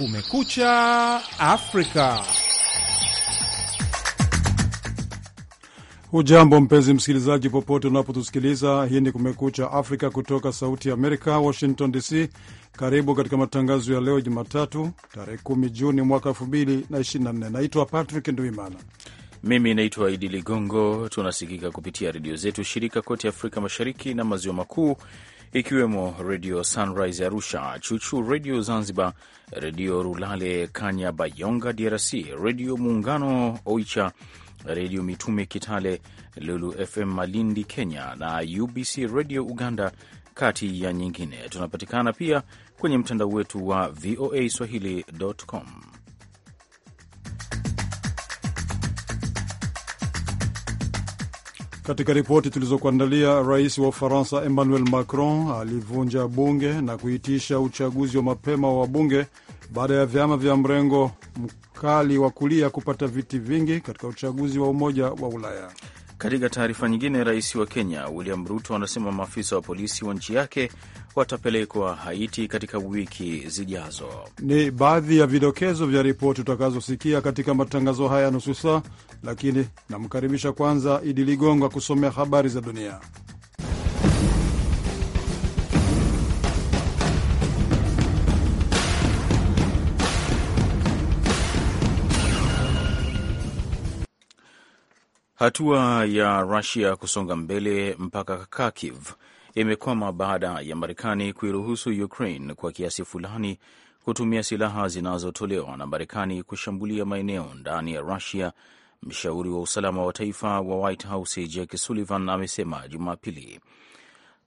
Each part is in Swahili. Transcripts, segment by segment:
Kumekucha Afrika. Hujambo mpenzi msikilizaji, popote unapotusikiliza. Hii ni Kumekucha Afrika kutoka Sauti ya Amerika, Washington DC. Karibu katika matangazo ya leo Jumatatu, tarehe 10 Juni mwaka 2024. Naitwa Patrick Nduimana. Mimi naitwa Idi Ligongo. Tunasikika kupitia redio zetu shirika kote Afrika Mashariki na Maziwa Makuu, ikiwemo Redio Sunrise Arusha, Chuchu Redio Zanzibar, Redio Rulale Kanya Bayonga DRC, Redio Muungano Oicha, Redio Mitume Kitale, Lulu FM Malindi Kenya na UBC Redio Uganda, kati ya nyingine. Tunapatikana pia kwenye mtandao wetu wa voa swahili.com. Katika ripoti tulizokuandalia, rais wa Ufaransa Emmanuel Macron alivunja bunge na kuitisha uchaguzi wa mapema wa bunge baada ya vyama vya mrengo mkali wa kulia kupata viti vingi katika uchaguzi wa Umoja wa Ulaya. Katika taarifa nyingine, rais wa Kenya William Ruto anasema maafisa wa polisi wa nchi yake watapelekwa Haiti katika wiki zijazo. Ni baadhi ya vidokezo vya ripoti utakazosikia katika matangazo haya nusu saa, lakini namkaribisha kwanza Idi Ligongo kusomea habari za dunia. Hatua ya Rusia kusonga mbele mpaka Kharkiv imekwama baada ya Marekani kuiruhusu Ukraine kwa kiasi fulani kutumia silaha zinazotolewa na Marekani kushambulia maeneo ndani ya Rusia. Mshauri wa usalama wa taifa wa White House Jake Sullivan amesema Jumapili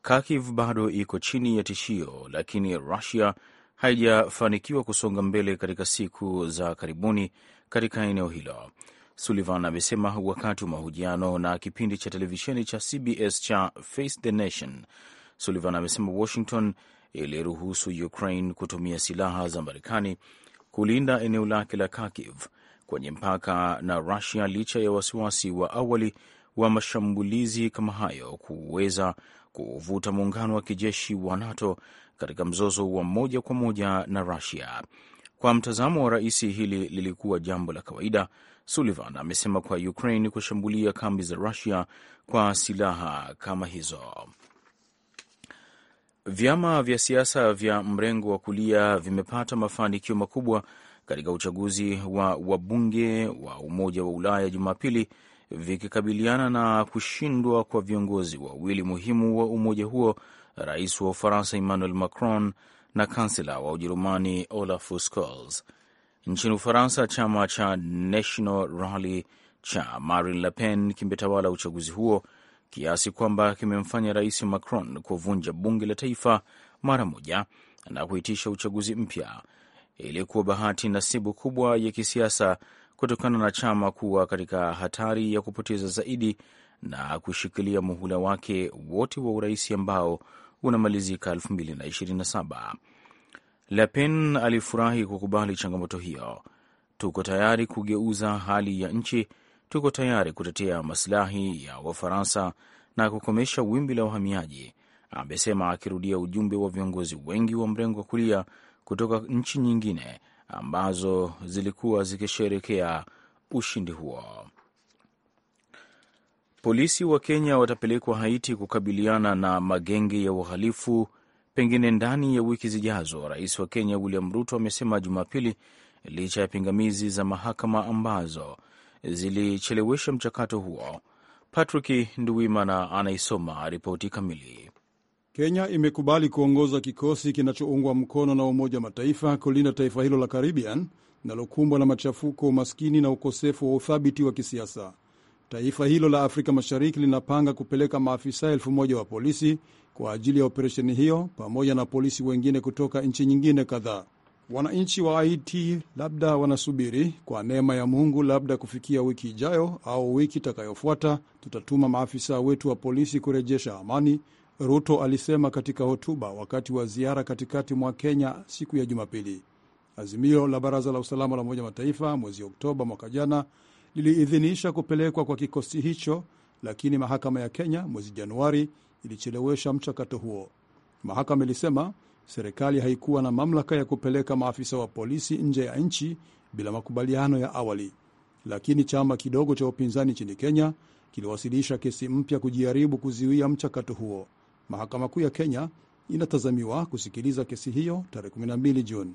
Kharkiv bado iko chini ya tishio, lakini Rusia haijafanikiwa kusonga mbele katika siku za karibuni katika eneo hilo. Sullivan amesema wakati wa mahojiano na kipindi cha televisheni cha CBS cha Face the Nation. Sullivan amesema Washington iliruhusu Ukraine kutumia silaha za Marekani kulinda eneo lake la Kharkiv kwenye mpaka na Rusia licha ya wasiwasi wa awali wa mashambulizi kama hayo kuweza kuvuta muungano wa kijeshi wa NATO katika mzozo wa moja kwa moja na Rusia. Kwa mtazamo wa rais, hili lilikuwa jambo la kawaida Sullivan amesema kwa Ukraine kushambulia kambi za Rusia kwa silaha kama hizo. Vyama vya siasa vya mrengo wa kulia vimepata mafanikio makubwa katika uchaguzi wa wabunge wa Umoja wa Ulaya Jumapili, vikikabiliana na kushindwa kwa viongozi wawili muhimu wa umoja huo, rais wa Ufaransa Emmanuel Macron na kansela wa Ujerumani Olaf Scholz. Nchini Ufaransa, chama cha National Rally cha Marine Le Pen kimetawala uchaguzi huo kiasi kwamba kimemfanya Rais Macron kuvunja bunge la taifa mara moja na kuitisha uchaguzi mpya. Ilikuwa bahati nasibu kubwa ya kisiasa kutokana na chama kuwa katika hatari ya kupoteza zaidi na kushikilia muhula wake wote wa urais ambao unamalizika 2027. Le Pen alifurahi kukubali changamoto hiyo. Tuko tayari kugeuza hali ya nchi, tuko tayari kutetea masilahi ya Wafaransa na kukomesha wimbi la uhamiaji amesema akirudia ujumbe wa viongozi wengi wa mrengo wa kulia kutoka nchi nyingine ambazo zilikuwa zikisherekea ushindi huo. Polisi wa Kenya watapelekwa Haiti kukabiliana na magenge ya uhalifu pengine ndani ya wiki zijazo. Rais wa Kenya William Ruto amesema Jumapili licha ya pingamizi za mahakama ambazo zilichelewesha mchakato huo. Patrick Nduwimana anaisoma ripoti kamili. Kenya imekubali kuongoza kikosi kinachoungwa mkono na Umoja wa Mataifa kulinda taifa hilo la Caribbean linalokumbwa na machafuko, umaskini na ukosefu wa uthabiti wa kisiasa. Taifa hilo la Afrika Mashariki linapanga kupeleka maafisa elfu moja wa polisi kwa ajili ya operesheni hiyo pamoja na polisi wengine kutoka nchi nyingine kadhaa. Wananchi wa Haiti labda wanasubiri kwa neema ya Mungu, labda kufikia wiki ijayo au wiki itakayofuata tutatuma maafisa wetu wa polisi kurejesha amani, Ruto alisema katika hotuba wakati wa ziara katikati mwa Kenya siku ya Jumapili. Azimio la Baraza la Usalama la Umoja Mataifa mwezi Oktoba mwaka jana liliidhinisha kupelekwa kwa kikosi hicho, lakini mahakama ya Kenya mwezi Januari ilichelewesha mchakato huo. Mahakama ilisema serikali haikuwa na mamlaka ya kupeleka maafisa wa polisi nje ya nchi bila makubaliano ya awali, lakini chama kidogo cha upinzani nchini Kenya kiliwasilisha kesi mpya kujaribu kuziwia mchakato huo. Mahakama Kuu ya Kenya inatazamiwa kusikiliza kesi hiyo tarehe 12 Juni.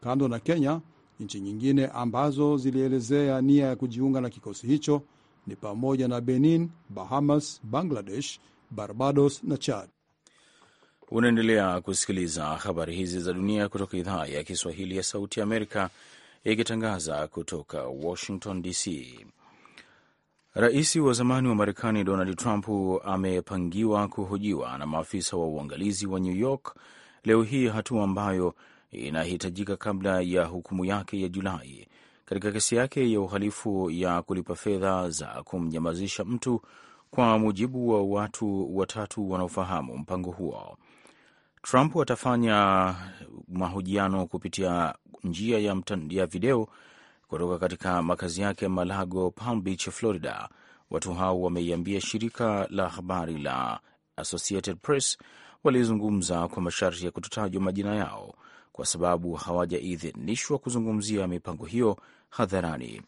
Kando na Kenya, Nchi nyingine ambazo zilielezea nia ya kujiunga na kikosi hicho ni pamoja na Benin, Bahamas, Bangladesh, Barbados na Chad. Unaendelea kusikiliza habari hizi za dunia kutoka idhaa ya Kiswahili ya Sauti ya Amerika ikitangaza kutoka Washington DC. Rais wa zamani wa Marekani Donald Trump amepangiwa kuhojiwa na maafisa wa uangalizi wa New York leo hii, hatua ambayo inahitajika kabla ya hukumu yake ya Julai katika kesi yake ya uhalifu ya kulipa fedha za kumnyamazisha mtu, kwa mujibu wa watu watatu wanaofahamu mpango huo. Trump atafanya mahojiano kupitia njia ya, ya video kutoka katika makazi yake Malago, Palm Beach, Florida. Watu hao wameiambia shirika la habari la Associated Press walizungumza kwa masharti ya kutotajwa majina yao kwa sababu hawajaidhinishwa kuzungumzia mipango hiyo hadharani.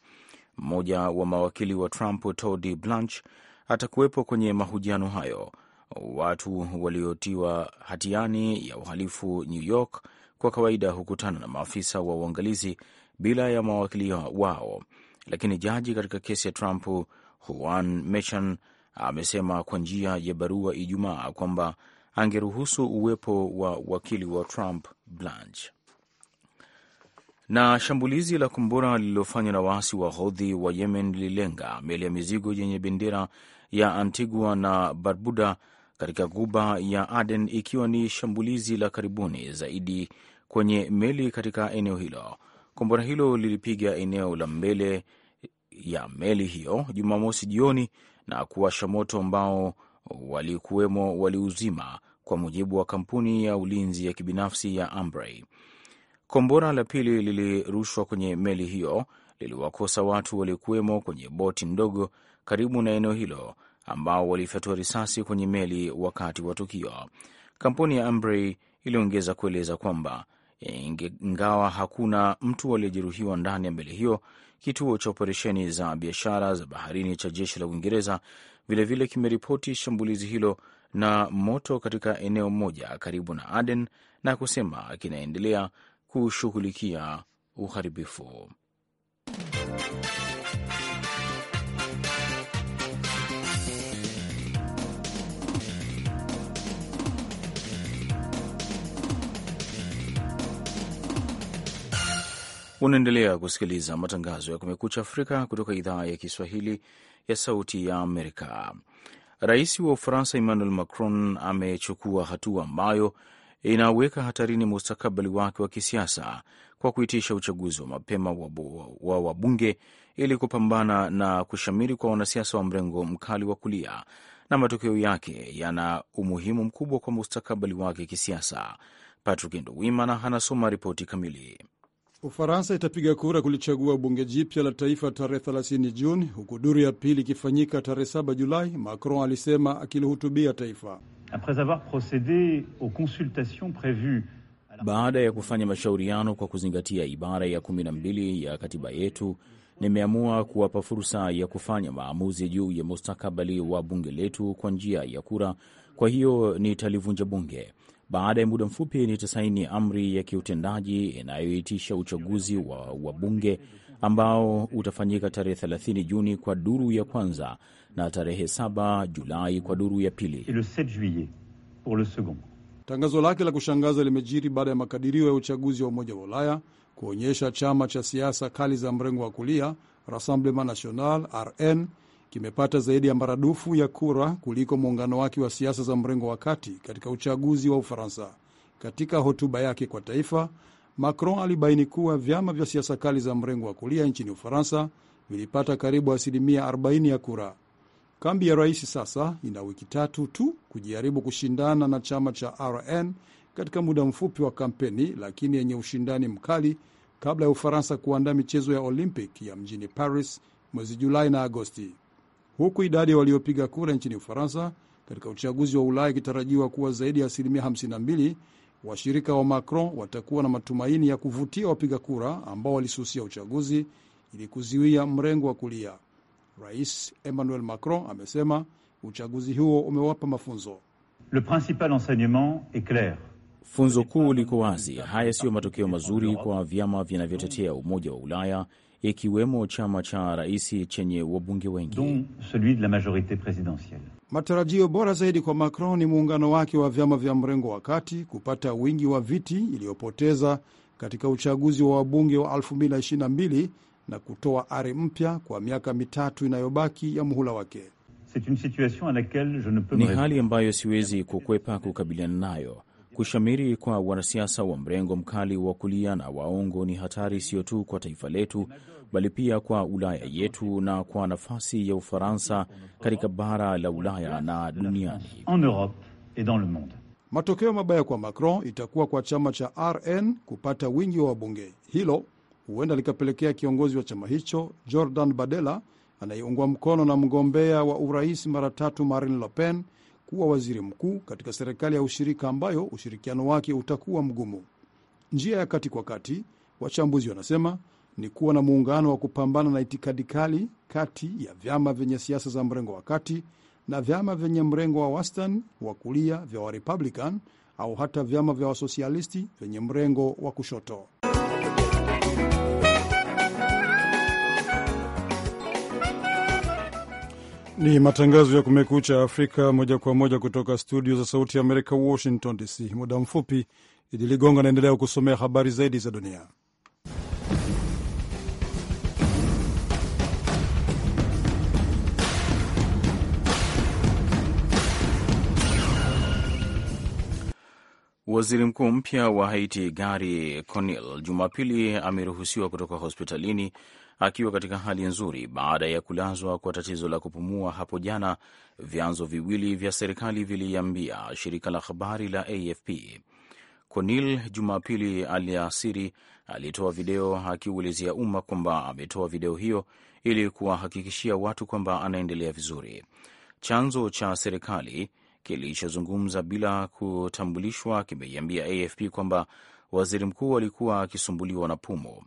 Mmoja wa mawakili wa Trump, Todd Blanche, atakuwepo kwenye mahojiano hayo. Watu waliotiwa hatiani ya uhalifu New York kwa kawaida hukutana na maafisa wa uangalizi bila ya mawakili wao, lakini jaji katika kesi ya Trump, Juan Merchan, amesema kwa njia ya barua Ijumaa kwamba angeruhusu uwepo wa wakili wa Trump Blanche. Na shambulizi la kombora lililofanywa na waasi wa Hodhi wa Yemen lililenga meli ya mizigo yenye bendera ya Antigua na Barbuda katika guba ya Aden, ikiwa ni shambulizi la karibuni zaidi kwenye meli katika eneo hilo. Kombora hilo lilipiga eneo la mbele ya meli hiyo Jumamosi jioni na kuwasha moto ambao walikuwemo waliuzima, kwa mujibu wa kampuni ya ulinzi ya kibinafsi ya Ambrey. Kombora la pili lilirushwa kwenye meli hiyo liliwakosa watu waliokuwemo kwenye boti ndogo karibu na eneo hilo ambao walifyatua risasi kwenye meli wakati wa tukio. Kampuni ya Ambrey iliongeza kueleza kwamba ingawa hakuna mtu aliyejeruhiwa ndani ya meli hiyo, Kituo cha operesheni za biashara za baharini cha jeshi la Uingereza vilevile kimeripoti shambulizi hilo na moto katika eneo moja karibu na Aden na kusema kinaendelea kushughulikia uharibifu. Unaendelea kusikiliza matangazo ya Kumekucha Afrika kutoka idhaa ya Kiswahili ya Sauti ya Amerika. Rais wa Ufaransa Emmanuel Macron amechukua hatua ambayo inaweka hatarini mustakabali wake wa kisiasa kwa kuitisha uchaguzi wa mapema wa wabunge ili kupambana na kushamiri kwa wanasiasa wa mrengo mkali wa kulia, na matokeo yake yana umuhimu mkubwa kwa mustakabali wake kisiasa. Patrick Nduwimana anasoma ripoti kamili. Ufaransa itapiga kura kulichagua bunge jipya la taifa tarehe 30 Juni, huku duru ya pili ikifanyika tarehe 7 Julai, Macron alisema akilihutubia taifa. avoir aux consultations baada ya kufanya mashauriano kwa kuzingatia ibara ya 12 ya katiba yetu, nimeamua kuwapa fursa ya kufanya maamuzi juu ya mustakabali wa bunge letu kwa njia ya kura. Kwa hiyo nitalivunja bunge. Baada ya muda mfupi nitasaini amri ya kiutendaji inayoitisha uchaguzi wa wabunge ambao utafanyika tarehe 30 Juni kwa duru ya kwanza na tarehe 7 Julai kwa duru ya pili. Tangazo lake la kushangaza limejiri baada ya makadirio ya uchaguzi wa Umoja wa Ulaya kuonyesha chama cha siasa kali za mrengo wa kulia Rassemblement National RN kimepata zaidi ya maradufu ya kura kuliko muungano wake wa siasa za mrengo wa kati katika uchaguzi wa Ufaransa. Katika hotuba yake kwa taifa, Macron alibaini kuwa vyama vya siasa kali za mrengo wa kulia nchini Ufaransa vilipata karibu asilimia 40 ya kura. Kambi ya rais sasa ina wiki tatu tu kujaribu kushindana na chama cha RN katika muda mfupi wa kampeni lakini yenye ushindani mkali kabla ya Ufaransa kuandaa michezo ya Olympic ya mjini Paris mwezi Julai na Agosti huku idadi ya waliopiga kura nchini Ufaransa katika uchaguzi wa Ulaya ikitarajiwa kuwa zaidi ya asilimia 52. Washirika wa Macron watakuwa na matumaini ya kuvutia wapiga kura ambao walisusia uchaguzi ili kuziwia mrengo wa kulia. Rais Emmanuel Macron amesema uchaguzi huo umewapa mafunzo. Le principal enseignement est clair. Funzo kuu liko wazi. Haya siyo matokeo mazuri kwa vyama vinavyotetea umoja wa Ulaya ikiwemo chama cha rais chenye wabunge wengi. Matarajio bora zaidi kwa Macron ni muungano wake wa vyama vya mrengo wa kati kupata wingi wa viti iliyopoteza katika uchaguzi wa wabunge wa 2022 na kutoa ari mpya kwa miaka mitatu inayobaki ya muhula wake. Ni hali ambayo siwezi kukwepa kukabiliana nayo Kushamiri kwa wanasiasa wa mrengo mkali wa kulia na waongo ni hatari sio tu kwa taifa letu, bali pia kwa Ulaya yetu na kwa nafasi ya Ufaransa katika bara la Ulaya na duniani. Matokeo mabaya kwa Macron itakuwa kwa chama cha RN kupata wingi wa wabunge. Hilo huenda likapelekea kiongozi wa chama hicho Jordan Bardella anayeungwa mkono na mgombea wa urais mara tatu Marine Le Pen kuwa waziri mkuu katika serikali ya ushirika ambayo ushirikiano wake utakuwa mgumu. Njia ya kati kwa kati, wachambuzi wanasema, ni kuwa na muungano wa kupambana na itikadi kali kati ya vyama vyenye siasa za mrengo wa kati na vyama vyenye mrengo wa wastani wa kulia vya Warepublican au hata vyama vya wasosialisti vyenye mrengo wa kushoto. Ni matangazo ya Kumekucha Afrika moja kwa moja kutoka studio za Sauti ya Amerika, Washington DC. Muda mfupi Idi ligongo anaendelea kusomea habari zaidi za dunia. Waziri mkuu mpya wa Haiti Gari Conil Jumapili ameruhusiwa kutoka hospitalini akiwa katika hali nzuri baada ya kulazwa kwa tatizo la kupumua hapo jana, vyanzo viwili vya serikali viliambia shirika la habari la AFP. Cornil Jumapili aliasiri alitoa video akiuelezea umma kwamba ametoa video hiyo ili kuwahakikishia watu kwamba anaendelea vizuri. Chanzo cha serikali kilichozungumza bila kutambulishwa kimeiambia AFP kwamba waziri mkuu alikuwa akisumbuliwa na pumu.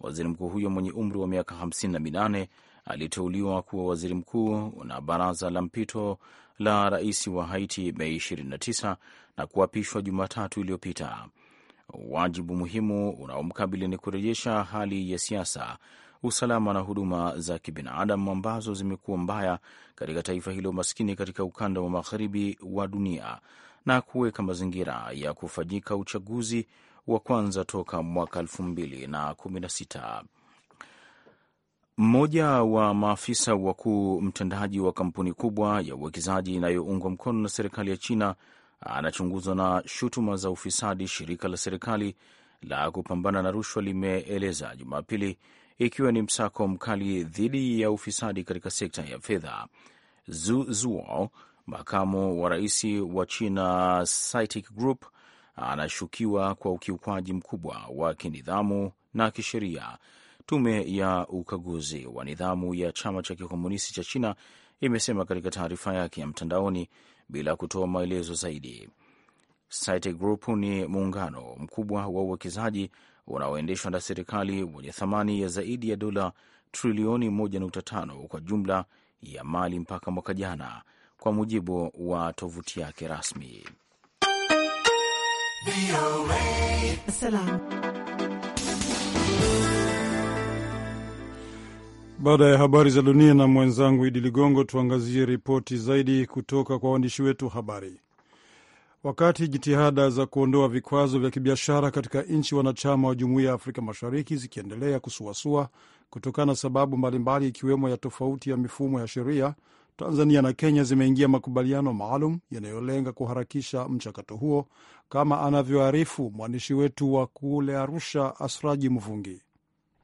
Waziri mkuu huyo mwenye umri wa miaka 58 aliteuliwa kuwa waziri mkuu na baraza la mpito la rais wa Haiti Mei 29 na kuapishwa Jumatatu iliyopita. Wajibu muhimu unaomkabili ni kurejesha hali ya siasa, usalama na huduma za kibinadamu ambazo zimekuwa mbaya katika taifa hilo maskini katika ukanda wa magharibi wa dunia na kuweka mazingira ya kufanyika uchaguzi wa kwanza toka mwaka 216 Mmoja wa maafisa wakuu mtendaji wa kampuni kubwa ya uwekezaji inayoungwa mkono na serikali ya China anachunguzwa na shutuma za ufisadi, shirika la serikali la kupambana na rushwa limeeleza Jumapili, ikiwa ni msako mkali dhidi ya ufisadi katika sekta ya fedha. Zu Zuo, makamu wa rais wa China Citic Group, anashukiwa kwa ukiukwaji mkubwa wa kinidhamu na kisheria. Tume ya ukaguzi wa nidhamu ya chama cha kikomunisti cha China imesema katika taarifa yake ya mtandaoni bila kutoa maelezo zaidi. Site Group ni muungano mkubwa wa uwekezaji unaoendeshwa na serikali wenye thamani ya zaidi ya dola trilioni 1.5 kwa jumla ya mali mpaka mwaka jana, kwa mujibu wa tovuti yake rasmi. Salam. Baada ya habari za dunia na mwenzangu Idi Ligongo, tuangazie ripoti zaidi kutoka kwa waandishi wetu habari. Wakati jitihada za kuondoa vikwazo vya kibiashara katika nchi wanachama wa Jumuiya ya Afrika Mashariki zikiendelea kusuasua kutokana na sababu mbalimbali ikiwemo ya tofauti ya mifumo ya sheria, Tanzania na Kenya zimeingia makubaliano maalum yanayolenga kuharakisha mchakato huo kama anavyoarifu mwandishi wetu wa kule Arusha, Asraji Mvungi.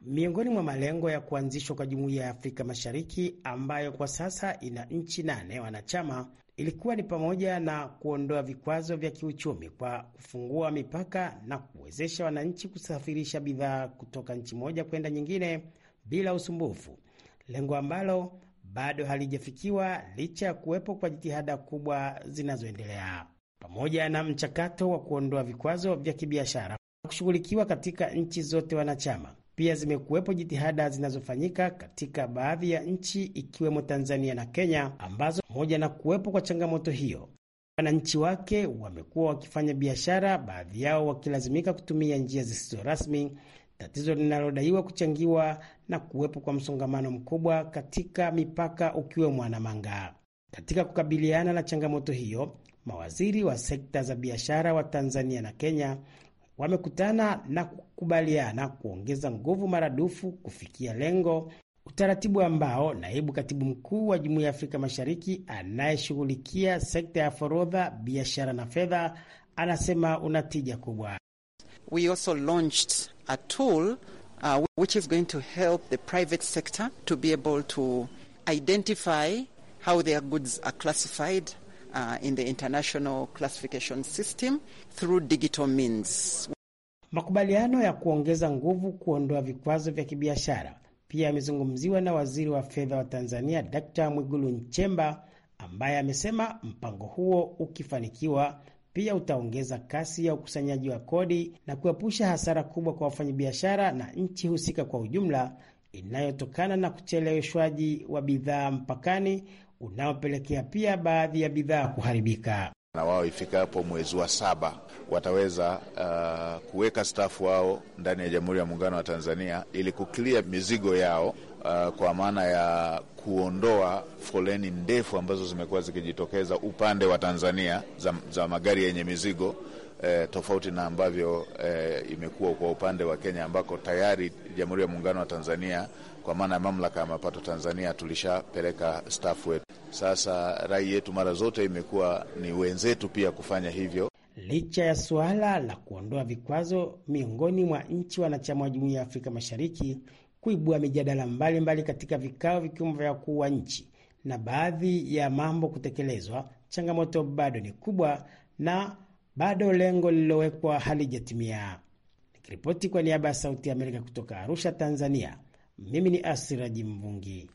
Miongoni mwa malengo ya kuanzishwa kwa Jumuiya ya Afrika Mashariki ambayo kwa sasa ina nchi nane wanachama ilikuwa ni pamoja na kuondoa vikwazo vya kiuchumi kwa kufungua mipaka na kuwezesha wananchi kusafirisha bidhaa kutoka nchi moja kwenda nyingine bila usumbufu, lengo ambalo bado halijafikiwa licha ya kuwepo kwa jitihada kubwa zinazoendelea pamoja na mchakato wa kuondoa vikwazo vya kibiashara kushughulikiwa katika nchi zote wanachama. Pia zimekuwepo jitihada zinazofanyika katika baadhi ya nchi ikiwemo Tanzania na Kenya, ambazo pamoja na kuwepo kwa changamoto hiyo, wananchi wake wamekuwa wakifanya biashara, baadhi yao wakilazimika kutumia njia zisizo rasmi, tatizo linalodaiwa kuchangiwa na kuwepo kwa msongamano mkubwa katika mipaka ukiwemo Namanga. Katika kukabiliana na changamoto hiyo Mawaziri wa sekta za biashara wa Tanzania na Kenya wamekutana na kukubaliana kuongeza nguvu maradufu kufikia lengo, utaratibu ambao naibu katibu mkuu wa Jumuiya ya Afrika Mashariki anayeshughulikia sekta ya forodha, biashara na fedha anasema una tija kubwa. We also launched a tool uh, which is going to help the private sector to be able to identify how their goods are classified uh, in the international classification system through digital means. Makubaliano ya kuongeza nguvu kuondoa vikwazo vya kibiashara pia yamezungumziwa na waziri wa fedha wa Tanzania Dkt. Mwigulu Nchemba ambaye amesema mpango huo ukifanikiwa pia utaongeza kasi ya ukusanyaji wa kodi na kuepusha hasara kubwa kwa wafanyabiashara na nchi husika kwa ujumla inayotokana na kucheleweshwaji wa bidhaa mpakani unaopelekea pia baadhi ya bidhaa kuharibika. Na wao ifikapo mwezi wa saba wataweza uh, kuweka stafu wao ndani ya Jamhuri ya Muungano wa Tanzania ili kuklia mizigo yao uh, kwa maana ya kuondoa foleni ndefu ambazo zimekuwa zikijitokeza upande wa Tanzania za, za magari yenye mizigo eh, tofauti na ambavyo eh, imekuwa kwa upande wa Kenya ambako tayari Jamhuri ya Muungano wa Tanzania kwa maana ya Mamlaka ya Mapato Tanzania tulishapeleka stafu wetu. Sasa rai yetu mara zote imekuwa ni wenzetu pia kufanya hivyo. Licha ya suala la kuondoa vikwazo miongoni mwa nchi wanachama wa Jumuiya ya Afrika Mashariki kuibua mijadala mbalimbali mbali katika vikao vikiwemo vya wakuu wa nchi na baadhi ya mambo kutekelezwa, changamoto bado ni kubwa na bado lengo lililowekwa halijatimia. Nikiripoti kwa niaba ya Sauti ya Amerika kutoka Arusha, Tanzania, mimi ni Asiraji Mvungi.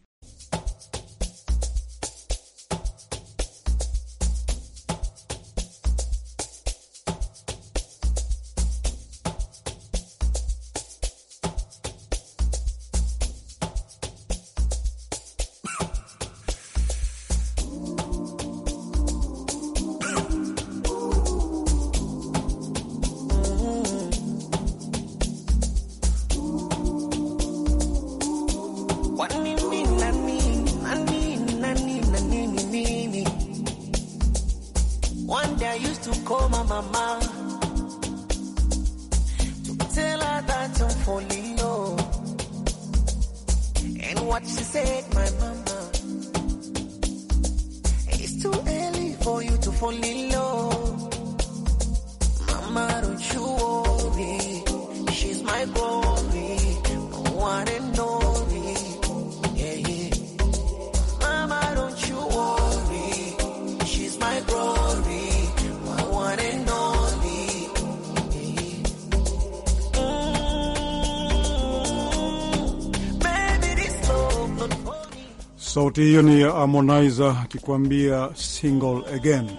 Sauti hiyo ni ya Harmonize akikuambia single again.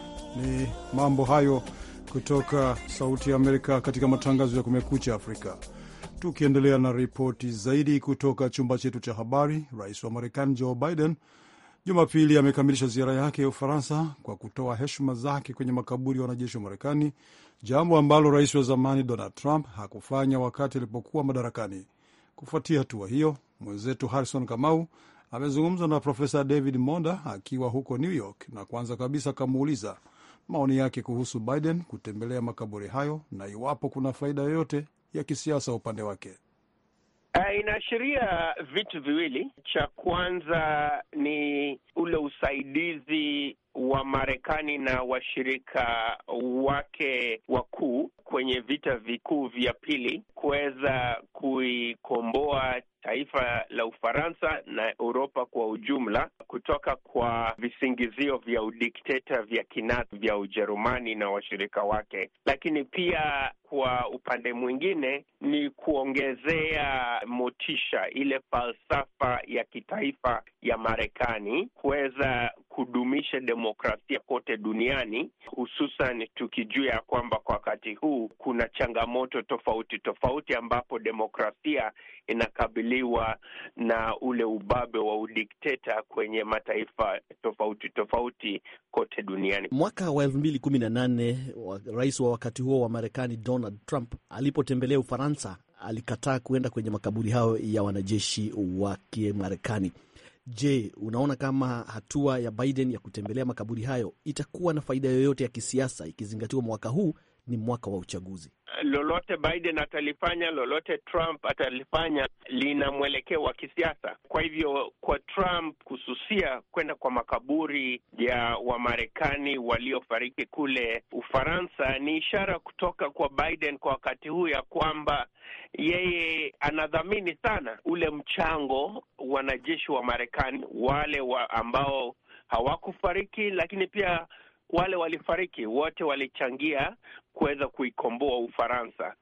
Ni mambo hayo kutoka Sauti ya Amerika katika matangazo ya Kumekucha Afrika. Tukiendelea na ripoti zaidi kutoka chumba chetu cha habari, rais wa Marekani Joe Biden Jumapili amekamilisha ziara yake ya Ufaransa kwa kutoa heshima zake kwenye makaburi ya wanajeshi wa Marekani, jambo ambalo rais wa zamani Donald Trump hakufanya wakati alipokuwa madarakani. Kufuatia hatua hiyo, mwenzetu Harrison Kamau amezungumza na Profesa David Monda akiwa huko New York, na kwanza kabisa akamuuliza maoni yake kuhusu Biden kutembelea makaburi hayo na iwapo kuna faida yoyote ya kisiasa upande wake. Uh, inaashiria vitu viwili. Cha kwanza ni ule usaidizi wa Marekani na washirika wake wakuu kwenye vita vikuu vya pili kuweza kuikomboa taifa la Ufaransa na Uropa kwa ujumla kutoka kwa visingizio vya udikteta vya kinazi vya Ujerumani na washirika wake, lakini pia kwa upande mwingine ni kuongezea motisha ile falsafa ya kitaifa ya Marekani kuweza kudumisha demokrasia kote duniani, hususan tukijua ya kwamba kwa wakati huu kuna changamoto tofauti tofauti ambapo demokrasia inakabiliwa na ule ubabe wa udikteta kwenye mataifa tofauti tofauti kote duniani. Mwaka wa elfu mbili kumi na nane rais wa wakati huo wa Marekani Donald Trump alipotembelea Ufaransa alikataa kuenda kwenye makaburi hayo ya wanajeshi wa Kimarekani. Je, unaona kama hatua ya Biden ya kutembelea makaburi hayo itakuwa na faida yoyote ya kisiasa ikizingatiwa mwaka huu ni mwaka wa uchaguzi. Lolote Biden atalifanya, lolote Trump atalifanya, lina mwelekeo wa kisiasa. Kwa hivyo, kwa Trump kususia kwenda kwa makaburi ya Wamarekani waliofariki kule Ufaransa ni ishara kutoka kwa Biden kwa wakati huu ya kwamba yeye anadhamini sana ule mchango wanajeshi wa Marekani wale wa ambao hawakufariki, lakini pia wale walifariki wote walichangia kuweza kuikomboa Ufaransa,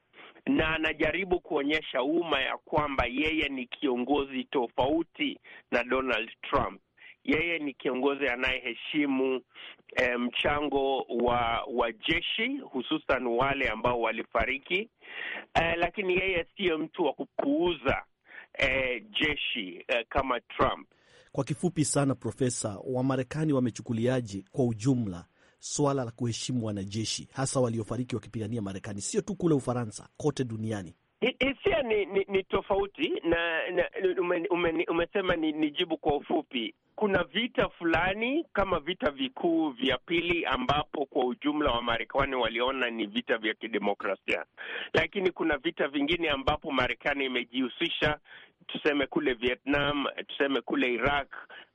na anajaribu kuonyesha umma ya kwamba yeye ni kiongozi tofauti na Donald Trump. Yeye ni kiongozi anayeheshimu eh, mchango wa wa jeshi hususan wale ambao walifariki eh, lakini yeye siyo mtu wa kupuuza eh, jeshi eh, kama Trump. Kwa kifupi sana, Profesa, Wamarekani wamechukuliaje kwa ujumla swala la kuheshimu wanajeshi hasa waliofariki wakipigania Marekani, sio tu kule Ufaransa, kote duniani. Hisia ni, ni, ni tofauti na, na ume, ume, umesema ni, ni jibu kwa ufupi. Kuna vita fulani kama vita vikuu vya pili ambapo kwa ujumla wa Marekani waliona ni vita vya kidemokrasia, lakini kuna vita vingine ambapo Marekani imejihusisha tuseme kule Vietnam, tuseme kule Iraq,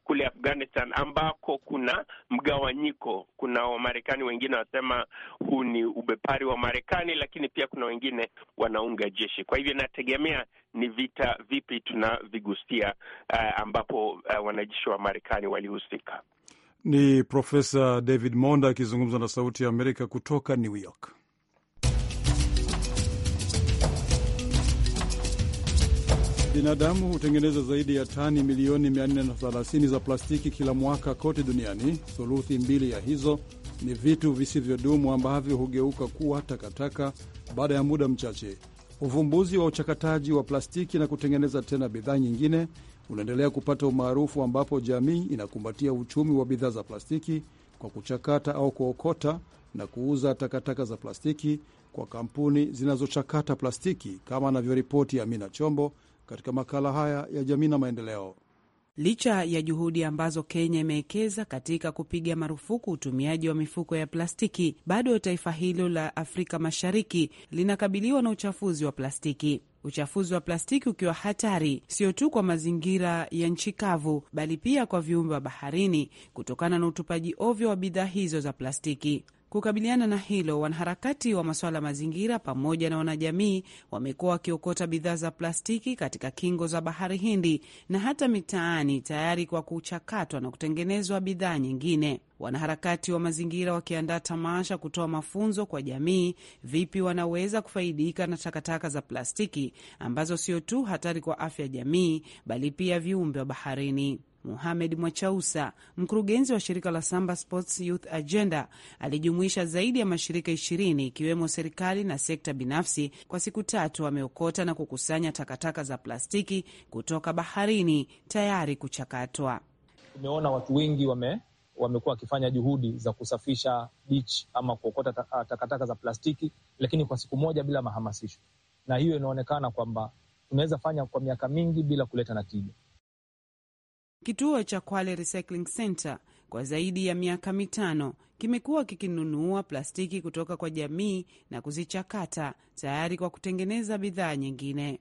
kule Afghanistan ambako kuna mgawanyiko. Kuna Wamarekani wengine wanasema huu ni ubepari wa Marekani, lakini pia kuna wengine wanaunga jeshi. Kwa hivyo inategemea ni vita vipi tunavigusia, uh, ambapo uh, wanajeshi wa Marekani walihusika. Ni Profesa David Monda akizungumza na Sauti ya Amerika kutoka New York. Binadamu hutengeneza zaidi ya tani milioni 430 za plastiki kila mwaka kote duniani. Thuluthi mbili ya hizo ni vitu visivyodumu ambavyo hugeuka kuwa takataka baada ya muda mchache. Uvumbuzi wa uchakataji wa plastiki na kutengeneza tena bidhaa nyingine unaendelea kupata umaarufu, ambapo jamii inakumbatia uchumi wa bidhaa za plastiki kwa kuchakata au kuokota na kuuza takataka za plastiki kwa kampuni zinazochakata plastiki, kama anavyoripoti Amina Chombo katika makala haya ya jamii na maendeleo. Licha ya juhudi ambazo Kenya imewekeza katika kupiga marufuku utumiaji wa mifuko ya plastiki, bado taifa hilo la Afrika Mashariki linakabiliwa na uchafuzi wa plastiki. Uchafuzi wa plastiki ukiwa hatari sio tu kwa mazingira ya nchi kavu, bali pia kwa viumbe wa baharini kutokana na utupaji ovyo wa bidhaa hizo za plastiki. Kukabiliana na hilo, wanaharakati wa masuala ya mazingira pamoja na wanajamii wamekuwa wakiokota bidhaa za plastiki katika kingo za bahari Hindi na hata mitaani tayari kwa kuchakatwa na kutengenezwa bidhaa nyingine. Wanaharakati wa mazingira wakiandaa tamasha kutoa mafunzo kwa jamii vipi wanaweza kufaidika na takataka za plastiki ambazo sio tu hatari kwa afya ya jamii bali pia viumbe wa baharini muhamed Mwachausa, mkurugenzi wa shirika la Samba Sports Youth Agenda, alijumuisha zaidi ya mashirika ishirini ikiwemo serikali na sekta binafsi. Kwa siku tatu ameokota na kukusanya takataka za plastiki kutoka baharini tayari kuchakatwa. Tumeona watu wengi wame wamekuwa wakifanya juhudi za kusafisha beach ama kuokota ah, takataka za plastiki, lakini kwa siku moja bila mahamasisho, na hiyo inaonekana kwamba tunaweza fanya kwa miaka mingi bila kuleta natija. Kituo cha Kwale Recycling Center kwa zaidi ya miaka mitano kimekuwa kikinunua plastiki kutoka kwa jamii na kuzichakata tayari kwa kutengeneza bidhaa nyingine.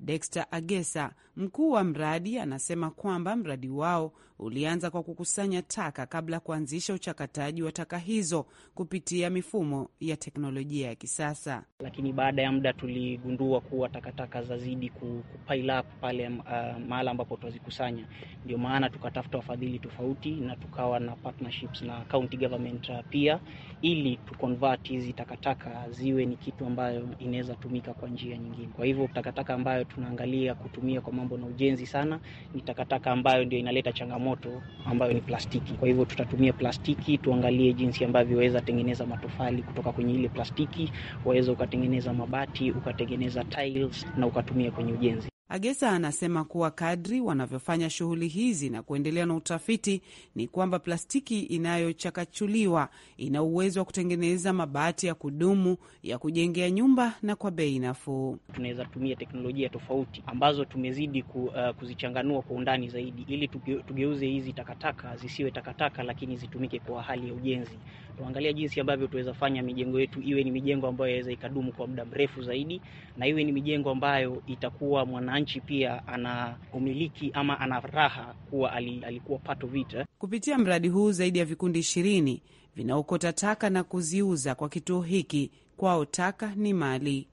Dexter Agesa Mkuu wa mradi anasema kwamba mradi wao ulianza kwa kukusanya taka kabla ya kuanzisha uchakataji wa taka hizo kupitia mifumo ya teknolojia ya kisasa, lakini baada ya muda tuligundua kuwa takataka zazidi kupile up pale uh, mahala ambapo tunazikusanya. Ndio maana tukatafuta wafadhili tofauti na tukawa na partnerships na county government uh, pia, ili tuconvert hizi takataka ziwe ni kitu ambayo inaweza tumika kwa njia nyingine. Kwa hivyo takataka ambayo tunaangalia kutumia kwa mambo na ujenzi sana, ni takataka ambayo ndio inaleta changamoto ambayo ni plastiki. Kwa hivyo tutatumia plastiki, tuangalie jinsi ambavyo waweza tengeneza matofali kutoka kwenye ile plastiki, waweza ukatengeneza mabati, ukatengeneza tiles na ukatumia kwenye ujenzi. Agesa anasema kuwa kadri wanavyofanya shughuli hizi na kuendelea na utafiti ni kwamba plastiki inayochakachuliwa ina uwezo wa kutengeneza mabati ya kudumu ya kujengea nyumba na kwa bei nafuu. Tunaweza tumia teknolojia tofauti ambazo tumezidi ku, uh, kuzichanganua kwa undani zaidi ili tugeuze hizi takataka zisiwe takataka, lakini zitumike kwa hali ya ujenzi. Tuangalia jinsi ambavyo tunaweza fanya mijengo yetu iwe ni mijengo ambayo yaweza ikadumu kwa muda mrefu zaidi na iwe ni mijengo ambayo itakuwa mwana mwananchi pia ana umiliki ama ana raha kuwa alikuwa pato vita. Eh? Kupitia mradi huu zaidi ya vikundi ishirini vinaokota taka na kuziuza kwa kituo hiki kwao, taka ni mali.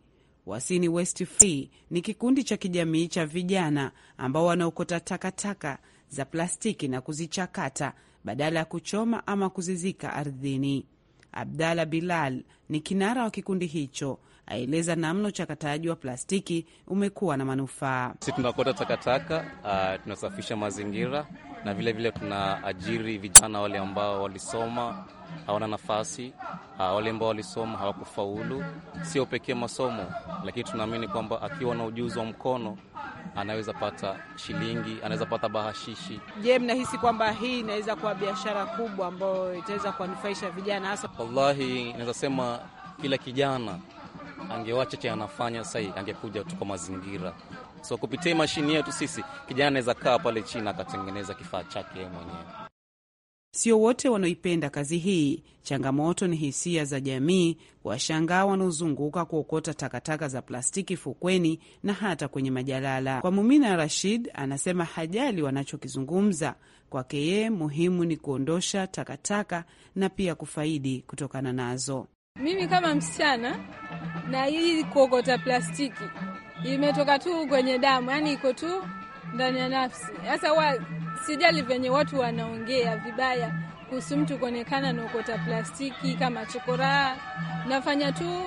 Wasini West Free ni kikundi cha kijamii cha vijana ambao wanaokota takataka za plastiki na kuzichakata badala ya kuchoma ama kuzizika ardhini. abdalah Bilal ni kinara wa kikundi hicho aeleza namna uchakataji wa plastiki umekuwa na manufaa. Si tunakota takataka, uh, tunasafisha mazingira na vilevile tunaajiri vijana wale ambao walisoma hawana nafasi, ah, wale ambao walisoma hawakufaulu. Sio pekee masomo, lakini tunaamini kwamba akiwa na ujuzi wa mkono anaweza pata shilingi, anaweza pata bahashishi. Je, mnahisi kwamba hii inaweza kuwa biashara kubwa ambayo itaweza kuwanufaisha vijana hasa? Wallahi, naweza sema kila kijana angewacha che anafanya sahii, angekuja tu kwa mazingira. So kupitia mashini yetu sisi, kijana anaweza kaa pale chini akatengeneza kifaa chake mwenyewe. Sio wote wanaoipenda kazi hii. Changamoto ni hisia za jamii kuwashangaa wanaozunguka kuokota takataka za plastiki fukweni na hata kwenye majalala. Kwa Mumina Rashid anasema hajali wanachokizungumza, kwake yeye muhimu ni kuondosha takataka na pia kufaidi kutokana nazo. Mimi kama msichana, na hii kuokota plastiki imetoka tu kwenye damu, yani iko tu ndani ya nafsi. Sasa huwa sijali venye watu wanaongea vibaya kuhusu mtu kuonekana naokota plastiki kama chokoraa. Nafanya tu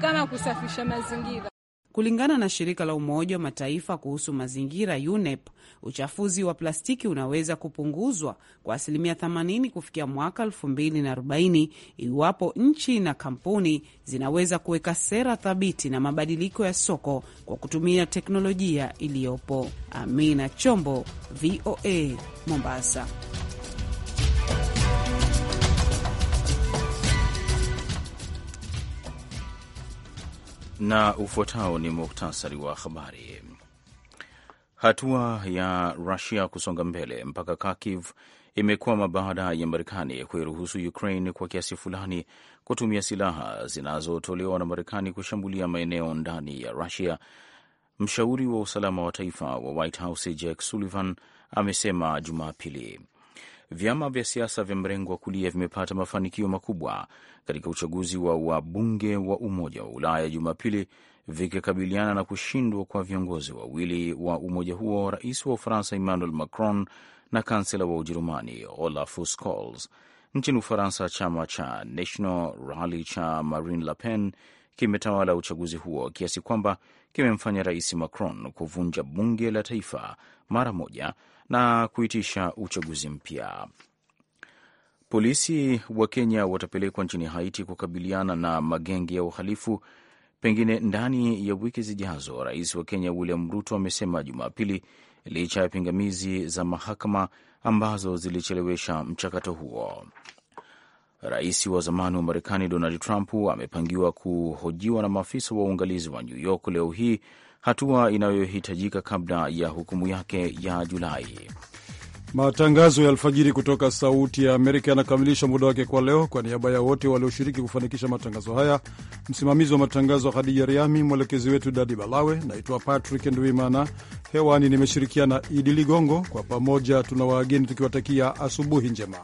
kama kusafisha mazingira. Kulingana na shirika la Umoja wa Mataifa kuhusu mazingira UNEP, uchafuzi wa plastiki unaweza kupunguzwa kwa asilimia 80 kufikia mwaka 2040 iwapo nchi na kampuni zinaweza kuweka sera thabiti na mabadiliko ya soko kwa kutumia teknolojia iliyopo. Amina Chombo, VOA Mombasa. na ufuatao ni muhtasari wa habari. Hatua ya Rusia kusonga mbele mpaka Kharkiv imekwama baada ya Marekani kuiruhusu Ukraine kwa kiasi fulani kutumia silaha zinazotolewa na Marekani kushambulia maeneo ndani ya Rusia. Mshauri wa usalama wa taifa wa White House Jake Sullivan amesema Jumapili Vyama vya siasa vya mrengo wa kulia vimepata mafanikio makubwa katika uchaguzi wa wabunge wa Umoja wa Ulaya Jumapili, vikikabiliana na kushindwa kwa viongozi wawili wa umoja huo, rais wa Ufaransa Emmanuel Macron na kansela wa Ujerumani Olaf Scholz. Nchini Ufaransa, chama cha National Rally cha Marine Le Pen kimetawala uchaguzi huo kiasi kwamba kimemfanya rais Macron kuvunja bunge la taifa mara moja na kuitisha uchaguzi mpya. Polisi wa Kenya watapelekwa nchini Haiti kukabiliana na magenge ya uhalifu pengine ndani ya wiki zijazo, rais wa Kenya William Ruto amesema Jumapili, licha ya pingamizi za mahakama ambazo zilichelewesha mchakato huo. Rais wa zamani wa Marekani Donald Trump amepangiwa kuhojiwa na maafisa wa uangalizi wa New York leo hii hatua inayohitajika kabla ya hukumu yake ya Julai. Matangazo ya alfajiri kutoka Sauti ya Amerika yanakamilisha muda wake kwa leo. Kwa niaba ya wote walioshiriki kufanikisha matangazo haya, msimamizi wa matangazo Khadija Riami, mwelekezi wetu Dadi Balawe. Naitwa Patrick Ndwimana, hewani nimeshirikiana Idi Ligongo. Kwa pamoja tuna wageni tukiwatakia asubuhi njema.